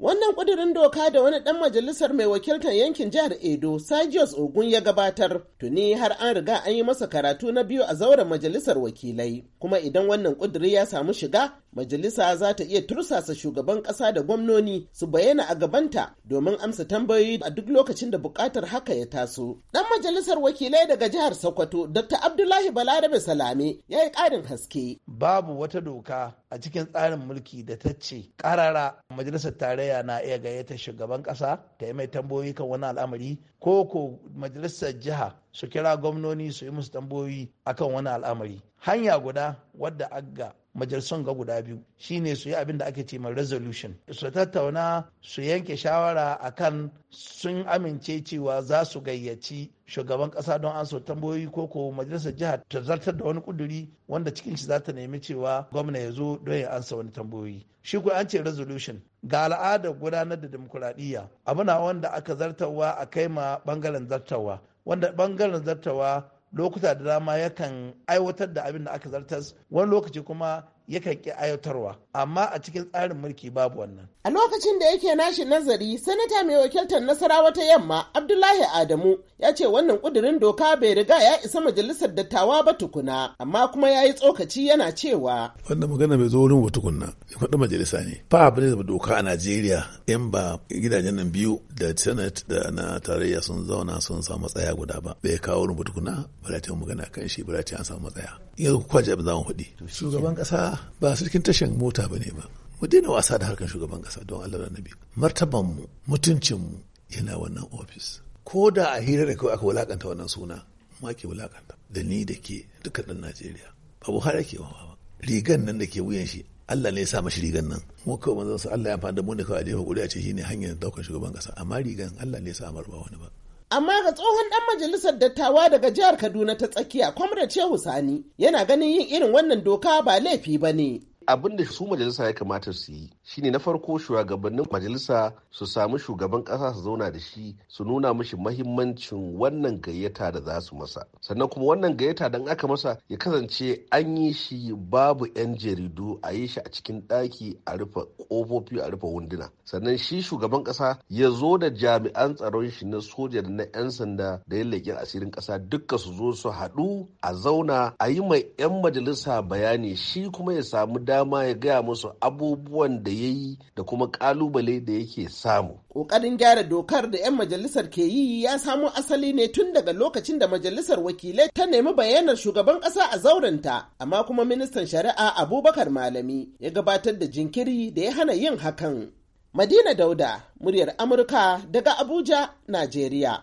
Wannan ƙudurin doka da wani ɗan majalisar mai wakiltar yankin jihar Edo, Sajios Ogun ya gabatar, tuni har an riga an yi masa karatu na biyu a zauren majalisar wakilai. Kuma idan wannan ƙuduri ya samu shiga, majalisa za ta iya tursasa shugaban ƙasa da gwamnoni su bayyana a gabanta domin amsa tambayoyi a duk lokacin da buƙatar haka ya taso. Ɗan majalisar wakilai daga jihar Sokoto, Dr. Abdullahi Balarabe Salame ya yi ƙarin haske. Babu wata doka a cikin tsarin mulki da ta ce ƙarara majalisar tarayya na iya gayyata shugaban ƙasa ta yi mai tambayoyi kan wani al'amari ko ko majalisar jiha su kira gwamnoni su yi musu tambayoyi akan wani al'amari. Hanya guda wadda agga majalisun ga guda biyu shine su yi abin da ake ce resolution su tattauna su yanke shawara akan sun amince cewa za su gayyaci shugaban kasa don an so tambayoyi ko ko majalisar jiha ta zartar da wani kuduri wanda cikin shi za ta nemi cewa gwamna ya zo don ya ansa wani tambayoyi shi ko an ce resolution ga al'adar gudanar da demokuraɗiyya abu na wanda aka zartarwa a kai ma bangaren zartarwa wanda bangaren zartawa lokuta da dama yakan aiwatar da abin da aka zartas wani lokaci kuma yakan ƙi ayatarwa amma a cikin tsarin mulki babu wannan. A lokacin da yake nashi nazari sanata mai wakiltar nasarawa ta yamma Abdullahi Adamu ya ce wannan ƙudurin doka bai riga ya isa majalisar dattawa ba tukuna amma kuma ya yi tsokaci yana cewa. Wannan magana bai zo wurin ba ya faɗi majalisa ne. Ba abin da doka a Najeriya in ba gidajen nan biyu da Senate da na tarayya sun zauna sun samu matsaya guda ba. Bai kawo wurin ba ba za ta yi magana kan shi ba za ta an samu matsaya. Yanzu kwaje ba za mu faɗi. Shugaban kasa ba sarkin tashin mota ba ne ba mu daina wasa da harkar shugaban kasa don allah da nabi martabanmu mutuncinmu yana wannan ofis ko da a hira da kawai aka wulakanta wannan suna ma ke wulakanta da ni da ke dukkan ɗan najeriya ba buhari ke wawa ba rigan nan da ke wuyan shi Allah ne ya sa mashi rigan nan mu kawai manzon sa Allah ya fada mu ne kawai a jefa a ce shine hanyar daukar shugaban kasa amma rigan Allah ne ya sa amar ba wani ba Amma ga tsohon ɗan majalisar dattawa daga jihar Kaduna ta tsakiya, Kwamrace Shehu Sani, yana ganin yin irin wannan doka ba laifi ba ne. abin da su majalisa ya kamata su yi shine na farko shugabannin majalisa su samu shugaban kasa su zauna da shi su nuna mishi mahimmancin wannan gayyata da za su masa sannan kuma wannan gayyata don aka masa ya kasance an yi shi babu 'yan jaridu a yi shi a cikin ɗaki a rufe ƙofofi a rufe wunduna sannan shi shugaban kasa ya zo da jami'an tsaron shi na soja da na 'yan sanda da ya leƙen asirin kasa duka su zo su haɗu a zauna a yi mai 'yan majalisa bayani shi kuma ya samu da dama ya gaya musu abubuwan da ya yi da kuma kalubale da yake samu. Ƙoƙarin gyara dokar da 'yan majalisar ke yi ya samo asali ne tun daga lokacin da majalisar wakilai ta nemi bayanan shugaban ƙasa a zaurinta, amma kuma ministan shari'a Abubakar Malami ya gabatar da jinkiri da ya hana yin hakan. Madina Dauda, muryar Amurka daga Abuja, Najeriya.